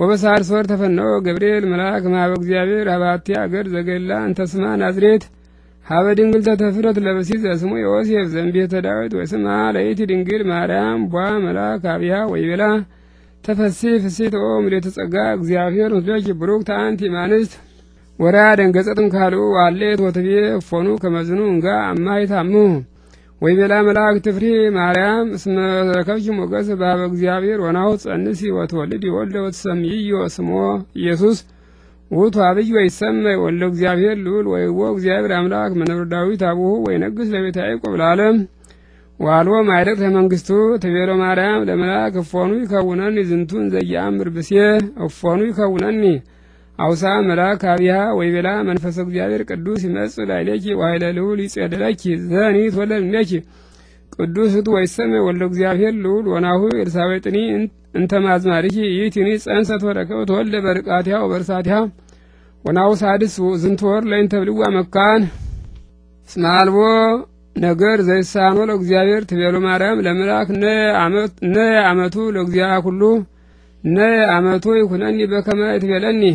ወበሳር ሶር ተፈነወ ገብርኤል መልአክ ማህበ እግዚአብሔር አባቲ አገር ዘገላ እንተስማ ናዝሬት ሀበ ድንግል ተተፍረት ለበሲት ዘስሙ ዮሴፍ ዘንቤተ ዳዊት ወስማ ለይቲ ድንግል ማርያም ቧ መልአክ አብያ ወይቤላ ተፈሲ ፍሲት ኦ ምልዕተ ጸጋ እግዚአብሔር ምስሎች ብሩክ ታአንቲ ማንስት ወራ ደንገጸጥም ካልኡ ዋሌት ወትቤ ፎኑ ከመዝኑ እንጋ አማይታሙ ወይ ቤላ መላእክት ትፍሪ ማርያም እስመ ረከብኪ ሞገስ ባበ እግዚአብሔር ወናሁ ጸንሲ ወትወልድ ወልደ ወትሰምይዮ ስሞ ኢየሱስ ውቱ አብይ ወይሰመይ ወልደ እግዚአብሔር ልዑል ወይዎ እግዚአብሔር አምላክ መንብር ዳዊት አቡሁ ወይነግስ ለቤተ ያዕቆብ ለዓለም ዋልዎ ማይደቅ መንግስቱ ትቤሎ ማርያም ለመልአክ እፎኑ ይከውነኒ ዝንቱን ዘያምር ብሴ እፎኑ ይከውነኒ አውሳ መልአክ አብያ ወይቤላ መንፈሰ እግዚአብሔር ቅዱስ ይመጽእ ላዕሌኪ ወኃይለ ልዑል ይጼደለኪ ዘኒ ትወለድነኪ ቅዱስ እቱ ወይሰመ ወልደ እግዚአብሔር ልዑል ወናሁ ኤልሳቤጥኒ እንተ ማዝማሪኪ ይእቲኒ ጸንሰት ወረከብ ተወልደ በርቃቲያ ወበርሳቲያ ወናሁ ሳድስ ዝንተ ወር ለእንተ ብልዋ መካን እስመ አልቦ ነገር ዘይሳኖ ለእግዚአብሔር ትቤሎ ማርያም ለምላክ ነ አመቱ ለእግዚአ ኩሉ ነ አመቱ ይኩነኒ በከመ ትቤለኒ